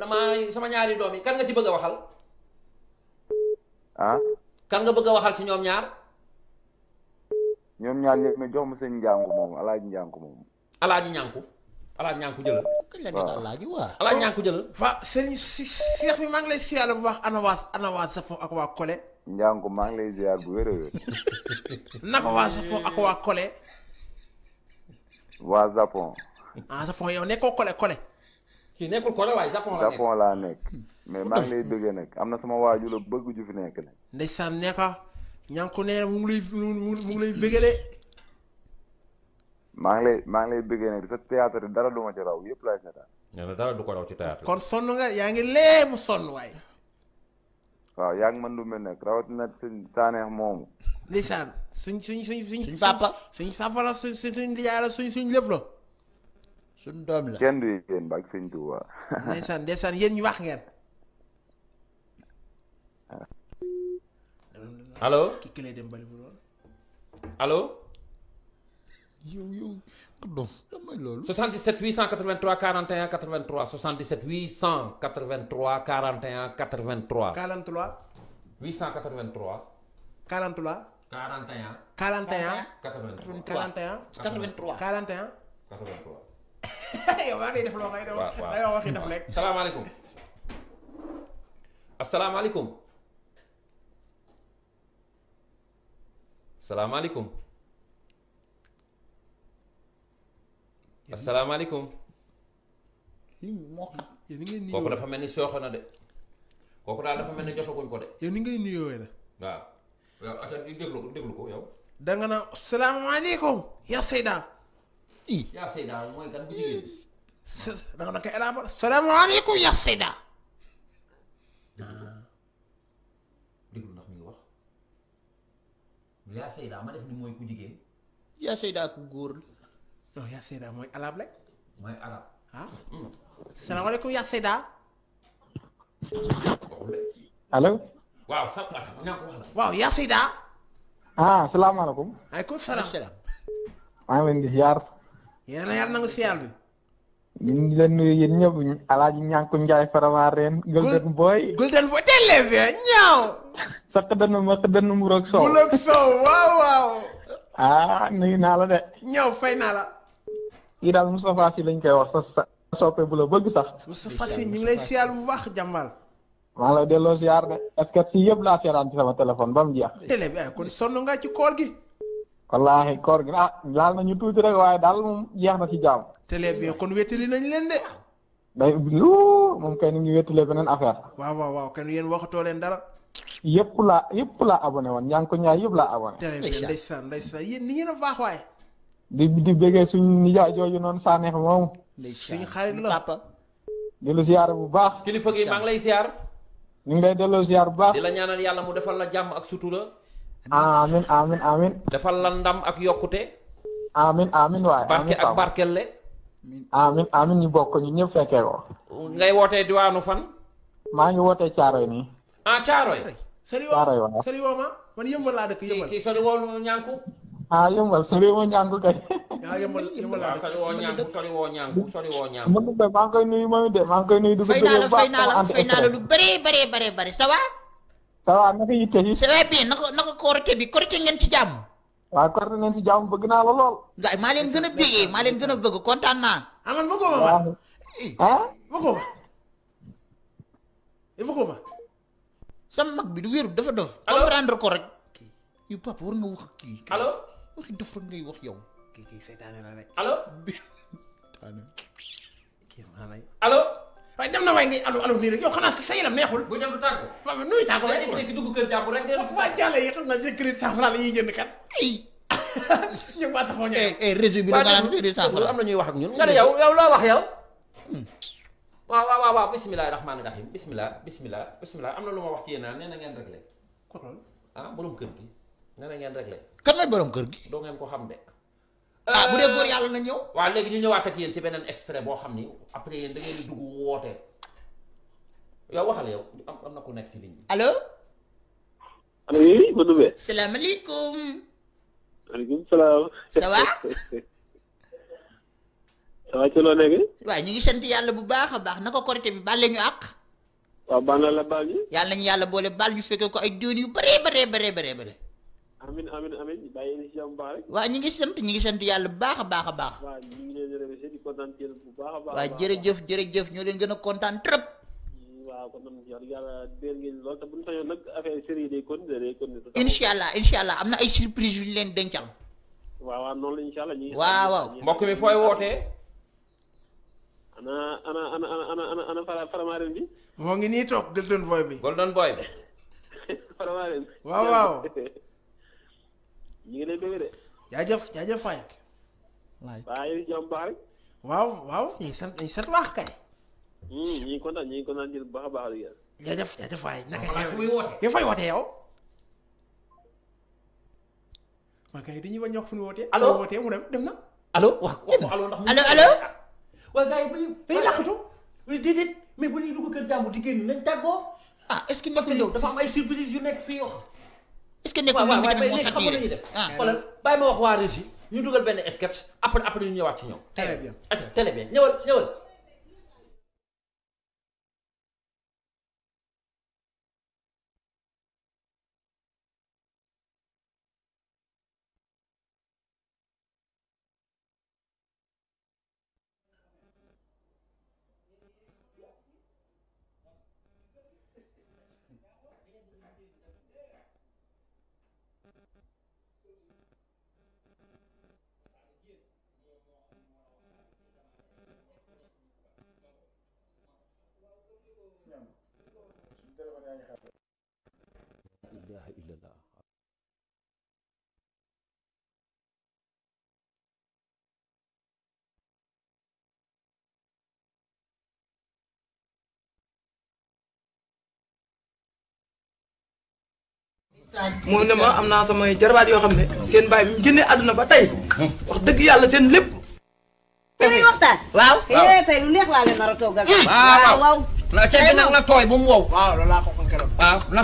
damaa sama ñaari doom yi kan nga ci bëgg a waxal. ah. kan nga bëgg a waxal ci ñoom ñaar. ñoom ñaar ñëpp mais jox ma sëñ njànku moom alaaji njànku moom. alaaji ñànku jëlal. kañ la nekk alaaji si seex mi maa ngi lay siyaare bu baax anawaas anawaas safo ak waa Kole. njànku maa ngi lay ziar bu wér a wér. naka waa safo ak waa Kole. waa Japon. ah safo yow nekkoo Kole Kole. kii nekkul Corée waaye Japon la nekk mais maa ngi nag am na sama waajur la bëgg ju nekk nag. ndeysaan ne ko ñànku ne mu ngi lay mu ngi maa ngi lay maa ngi lay bëggee nag sa dara du ma raw yëpp laay seetaan. du ko raw kon sonn nga yaa ngi lee mu sonn waaye. waaw yaa ngi man lu mel nag rawatina suñ saaneex moomu. ndeysaan suñ suñ suñ suñ. suñ papa suñ papa la suñ suñ suñ la suñ suñ lépp la. suñ la kenn du yéen ba ak sëñ Tuuba ndeysaan ndeysaan yéen ñu wax ngeen allo ki lay dem bali bu lool allo yow yow pardon damay loolu 77 883 41 83 77 883 41 83 43 883 43 yow yaa ngi def loo ngay def. waaw waaw da nga wax def rek. salaamaaleykum. kooku dafa mel ni sooxe na de. kooku daal dafa mel ni jotaguñ ko de. yow ni ngay nuyoowee la. waaw yow atta déglu déglu ko yow. da nga naan salaamaaleykum. yaa Seyda. i yaa Seyda mooy kan bu jigéen da nga koy élaborer salaamaaleykum yaa Seyda déglu ndax mi ngi wax yaa Seyda ma def ni mooy ku jigéen yaa Seyda ku góor la non yaa Seyda mooy arab rek mooy arab ah salaamaaleykum yaa Seyda allo waaw sa waaw yaa Seyda ah salaamaaleykum aleykum salaam maa ngi leen di ziar yéen a yàlla nangu siyaar bi. ñu ngi leen nuyu yéen ñëpp alaaji ñànku njaay faramaa reen golden boy golden boy télé bi ñaaw sa xëddënu ma xëddënu mu roog soow mu roog soow waaw waaw ah nuyu naa la de ñaaw fay naa la yi daal Moustapha Sy lañ koy wax sa sa soppe bu la bëgg sax Moustapha Sy ñu ngi lay siyaar bu baax jàmbal maa ngi lay delloo siyaar de parce que yëpp laa seeraan ci sama téléphone ba mu jeex télé bi ay kon sonn nga ci gi wallaahi koor gi ah laal na ñu tuuti rek waaye daal moom jeex na ci jàmm. télé bi kon wétali nañ leen de. day lu moom kay ni ngi beneen affaire. waaw waaw waaw kenn yéen waxatoo leen dara. yëpp laa yëpp laa abonné woon ñaa ko ñaay yëpp laa abonné. télé bi ndeysaan ndeysaan ni ngeen a baax waaye. di di bëggee suñ nijaay jooju noonu Sanex moomu. suñu xarit la papa. di bu baax. kilifa gi maa lay ziar. ñu ngi lay delloo ziar bu baax. di la ñaanal yàlla mu defal la jàmm ak sutura. amiin amiin amiin. defal la ndam ak yokkute. amiin amiin waay barke ak barkelle. amiin amiin ñu bokk ñu ñëpp fekkee ko. ngay wootee diwaanu fan. maa ngi wootee Caaroy nii. ah Caaroy. Caaroy waaw sëriñ woo ma man yëmbal laa dëkk yëmbal. kii sëriñ woo ñànku. ah yëmbal sëriñ woo ñànku kay. ah yëmbal yëmbal laa dëkk waaw sëriñ woo maa ngi koy nuyu moom fay naa la fay naa la lu bëree bëree bëree bëri ça ça va naka yitte yi. ça va bien naka naka korite bi korite ngeen ci jàmm. waaw korite ngeen ci jàmm bëgg naa la lool. gars maa leen gën a bégee maa leen gën a bëgg kontaan naa. ah man bëggoo ma man. ah bëggoo ma. bëggoo ma. sama mag bi du wéeru dafa dof. comprendre ko rek. yow papa war nga wax kii. allo waxi dof rek ngay wax yow. kii kii seetaane la rek. allo. allo. waaye dem na waaye ngay alu alu nii rek yow xanaa sa yaram neexul. bu dem tàggu. waaw nuyu tàggu rek léegi dugg kër jàmbur rek. waaw jàll yi xam naa ne crédit cent franc la ñuy jënd kat. ay ñoom waa sax moo ñëw. Eh, eh, réseau bi da ngaa crédit cent franc am na ñuy wax ak ñun. nga ne yow yow loo wax yow. Hmm. waaw waaw waaw bisimilah rahmaani rahim am na lu ma wax ci yéen ah, nee na ngeen réglé. ah borom kër gi. nee na ngeen réglé. kan mooy borom kër gi. doo ngeen ko xam de ah bu dee góor euh, yàlla na ñëw. waa léegi ñu ñëwaat ak yéen ci beneen extrait boo xam ni après yéen da ngeen di dugg woote yow waxal yow am na ku nekk ci ligne bi. allo. allo oui ma Ndoumbe. salaamaaleykum. maaleykum salaam. nekk. waaw ñu ngi sant yàlla bu baax a baax naka korité bi baal la ñu àq. waaw baal la baal ñu. yàlla nañu yàlla boole baal ñu fekkee ko ay doon yu bare bëree bëree bëree. amin amin amin bàyyi na si jàmm bu baax rek. waaw ñu ngi sant ñu ngi sant yàlla bu baax a baax a baax. waaw ñu ngi leen di remercier di kontaan a baax. jërëjëf jërëjëf ñoo leen gën a kontaan trop. waaw kon nag yow yàlla dégg ngeen lool te bu ñu sañoon nag affaire série yi day continuer day continuer. incha allah incha allah am na ay surprise yu ñu leen dencal. waaw waaw noonu la incha allah ñu ngi. mbokk mi fooy wootee. ana ana ana ana ana ana fara faramaaren bi. moo ngi nii toog Golden Boy bi. Golden Boy bi. faramaaren. waaw waaw. ñu ngi lay dégg de. jaajëf jaajëf Faye. waaw baax rek. waaw waaw ñu ngi sant ñu ngi sant baax kay. Hmm, ñu ngi kontaan ñu ngi kontaan bu baax a baax di ngeen. jaajëf jaajëf naka yow fay wootee yow. waaw kay dañuy bañ a wax fu ñu wootee. allo fu ñu wootee mu dem dem na. allo wax wax ko allo ndax. allo allo. waaw gars yi bu ñu. dañuy làqatu déedéet bu ñuy dugg nañ tàggoo. Ah, parce que yow dafa am ay surprise yu nekk fii yoo est-ce que nekkul ñoom itam moo fekkee waaw waaw léegi xam nga lu ñuy def. ah xoolal bàyyi ma wax waa Régis ñu dugal benn sketch après après ñu ñëwaat ci ñoom. très bien télé bien ñëwal ñëwal ñoom suñu téléphone yaa ngi xaar. ilaha illallah. moom ne ma am naa samay jarbaat yoo xam ne seen baay bi mu génnee àdduna ba tey wax dëgg yàlla seen lépp. Eh, hmm. waaw waaw waaw waaw waaw waaw na tooy bu wow. laa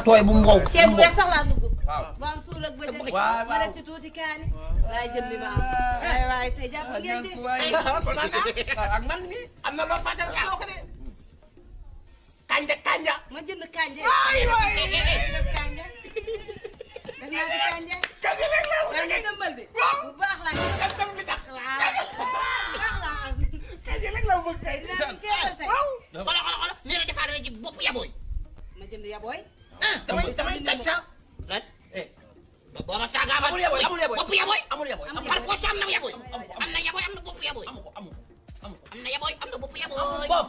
ko ceeb bu weex laa dugg. waaw ba am suul ak bëccëg. waaw ma def tuuti kaani. waaw jël li ma am. waaye waaye tey jàpp ngeen de. Ah. ak man mi am na loo fàtte kaanoo ko de. kanja kanja. ma jënd kanja. waay waay ya, boy? Ah, damay damay tëj sa. lan eh. boo ma saagaama amul ya boy amul ya boy bopp ya boy amul ya boy par force am na ya boy am na ya boy am na bopp ya boy amu ko amu ko am na ya boy am na bopp ya boy bopp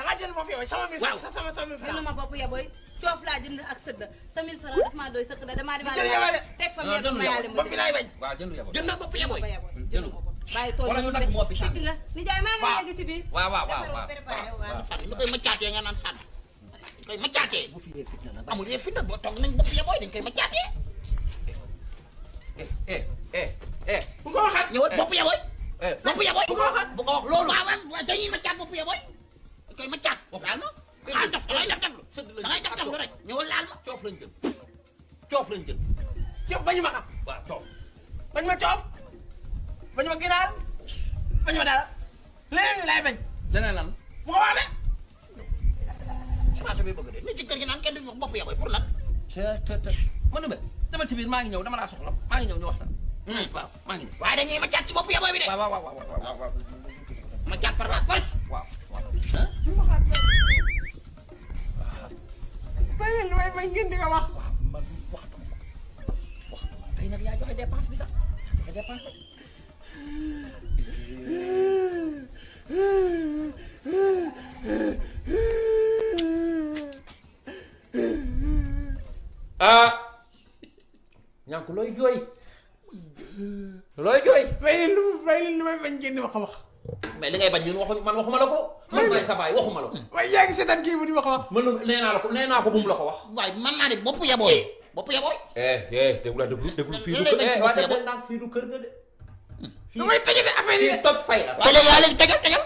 da nga jënd bopp ya boy sama mille sama sama mille francs ma bopp ya boy coof laa jënd ak sëdd sa mille francs daf maa doy sëdd damaa dama teg fa mère ma yaale mu bopp bi laay bañ waaw jënd ya boy jënd bopp ya boy jënd ko bàyyi tool wala ñu nag moo bi sax la ni jaay maa ngi yegg ci biir waaw waaw waaw waaw ma koy ma caatee nga naan sànni dañ koy maccaatee amul yee fitna boo toog nañ bopp ya booy dañ koy maccaatee. Eh, eh, eh, bu ko waxaat ñëwal bopp ya booy. bopp ya booy bu ko waxaat bu ko wax loolu. waaw dañuy maccaat bopp ya booy dañ koy maccaat laal ma dangay ah, def def dangay def def rek ñëwal laal ma coof lañ jël coof lañ jël. coof bañu ma xam. waaw coof bañu ma coof bañu ma ginaar bañu ma dara leneen laay bañ. leneen lan bu ko wax de. Fatou bi bëgg de ne ci kër gi naan kenn du fi wax bopp yaboy pour lan. ca ca ca mën na ma dama ci biir maa ngi ñëw dama laa soxla maa ngi ñëw ñu waxtaan. Hmm. Hmm, waaw maa ngi ñëw waaye dañuy ma caat ci bopp yaboy bi de. waaw waaw waaw waaw waaw. ma caat par la force. waaw waaw. bàyyi leen may may ngeen di nga wax. waaw man wax dama ko wax dama ko tey nag yaa joxe dépense bi sax yaa joxe dépense rek. mais li ngay bañ ñun waxu man waxuma la ko. man mooy sa baay waxuma la ko. Hmm. waaye yaa ngi seetaan kii bu di wax wax. man nee naa la ko nee naa ko bu mu la ko wax. waaye man naa ne bopp yabooy. Eh. bopp yabooy. eh eh déglu la déglu déglu fii du kër eh waa déglu naa fii du kër nga de. Hmm. fii damay tojate affaire yi de toj fay la. waaye léegi yaa leen tojal tojal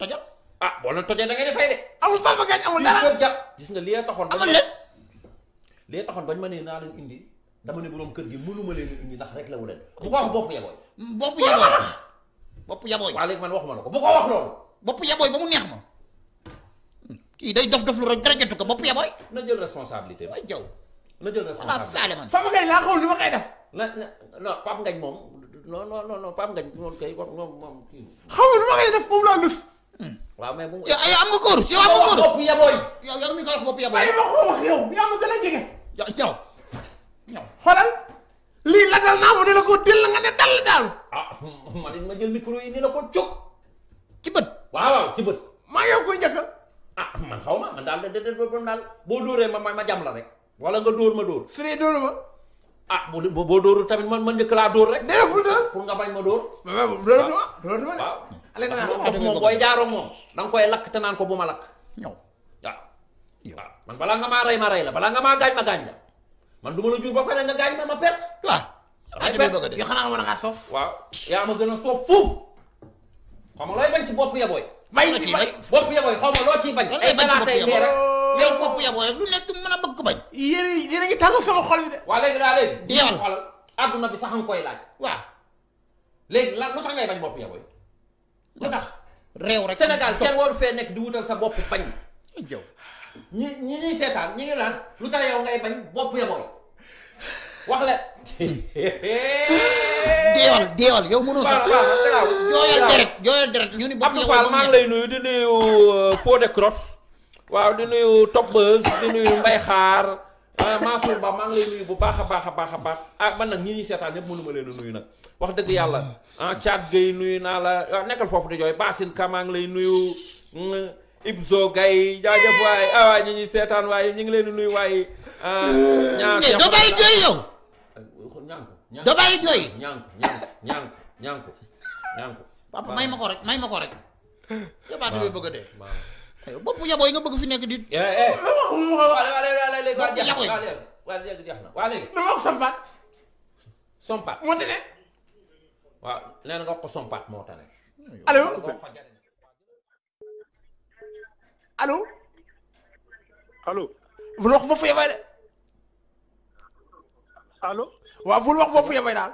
tojal. ah boo leen tojee da ngay fay de. amul papa gañ amul dara fii jàpp gis nga li taxoon. amul lépp li taxoon bañ ma nee naa leen indi dama ne borom kër gi mënuma leen indi ndax rek la wu leen bu ko wax bopp yabooy bopp yabooy bopp yabooy waaw léegi man waxuma la ko bu ko wax loolu. bopp yabooy ba mu neex ma kii day dof dof lu rek dara jotu ko bopp yabooy. na jël responsabilité bi. waaw jaw na jël responsabilité bi man. Papa Ngagne laa xamul ni ma koy def. na na non Papa Ngagne moom non non non Papa Ngagne moom kay moom moom kii. xamul ni ma koy def moom laa lus. Hmm. waaw mais bu mu. yow am nga kóorus yow am nga kóorus. bopp yabooy. yow yow mi ko wax bopp yabooy. waaye ma ko wax yow yow ma gën a jege. yow ñaw ñaw xoolal lii lagal naa ma dina ko dell nga ne dal daal. ma ne ma jël micro yi ni la ko jóg. ci bët. waaw waaw ci bët. maa ngi koy njëkk ah man xaw ma man daal de de de daal boo dóoree ma ma jam la rek. wala nga dóor ma dóor. su dee dóor ma. ah boo boo dóorul tamit man man njëkk laa dóor rek. dee bul dóor pour nga bañ ma dóor. waaw waaw dóoratu ma dóoratu ma de. waaw ndax moom booy jaaroo moom. da nga koy lakk te naan ko bu ma lakk. ñëw waaw. waaw man balaa nga maa rey ma rey la balaa nga maa gaañ ma gaañ la man du ma la jur ba pare nga gaañ ma ma perte. waaw ay bañ yoo xam ne amoon na ngaa soof. waaw yaa ma gën a soof fuuf. xam nga looy bañ ci bopp yabooy. may ci bopp yabooy xaw ma loo ciy bañ. ay balaatay dee rek yow a bëgg bañ. yéen a yéen a ngi tàggat sama xol bi de. di yàlla xol bi sax nga koy laaj. waaw léegi lan lu tax ngay bañ bopp yabooy. lu tax. réew rek Sénégal kenn waru fee nekk di wutal sa bopp bañ. jëw ñu ñi ñuy seetaan ñu ngi laan lu tax yow ngay bañ bopp yabooy wax la. deewal deewal yow mënoo sax. jooyal deret jooyal deret ñu ni bopp yow maa lay nuyu di nuyu euh, Fodé Cross waaw di nuyu Top di nuyu Mbaye Xaar euh, Mansour Ba maa ngi lay nuyu bu baax a baax a baax a baax ah man nag ñi ñuy seetaan yëpp mënu ma leen a nuyu nag wax dëgg yàlla ah, ah Thiat Gueye nuyu naa la nekkal foofu de jooy Basine Ka ngi lay nuyu mm, Ibzo Gaye jaajëf waaye ah waa seetaan waaye ñu ngi leen di nuyu waaye. ñaar ah, mais doo bàyyi jooy yow. ñaanku doo papa may ma ko rek may ma ko rek yabaate bi bëgg a dee bopp nga bëgg fi nekk di bopp yabooy waa léegi jeex na waa léegi dama wax sompat sompat moo tane allo. waaw bul wax boobu yemay daal.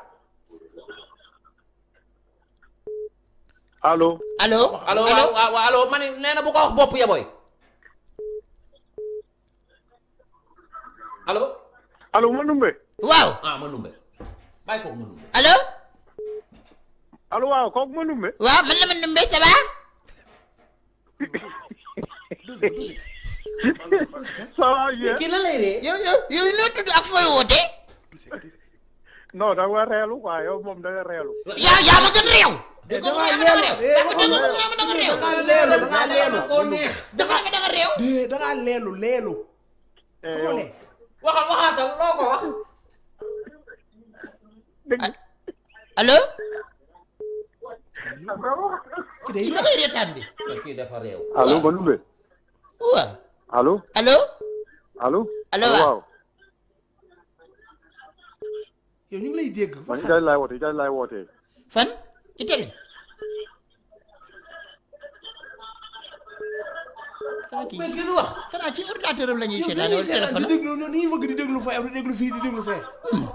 allo. allo allo waaw waaw allo ma ne nee na bu ko wax bopp yaboy. allo. allo Manumbe. waaw ah Manumbe. bàyyi ko Manumbe. allo. allo waaw kooku Manumbe. waaw man la Manumbe ça va. ça va bien. kii la lay ree. yow yow yow noo tudd ak fooy wootee. non da reelu quoi yow moom da reelu. yaa yaa ma gën réew. damaa leelu damaa leelu damaa da nga réew. da nga leelu leelu. waxal waxaatal loo ko wax. allo. kii da koy reetaan bi. kii dafa réew. allo Maloumbe. waaw. allo. allo. allo. allo waaw. yow ñu ngi lay dégg. man Italie laay wootee Italie laay wootee. fan Italie. mais ki lu wax. xanaa ci ordinateur am di ñuy seetaan wala téléphone am. yow dañuy bëgg di déglu fay di fii di déglu fay. Hmm.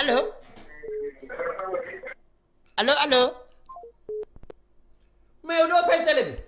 allo. allo allo. mais yow doo fay télé bi.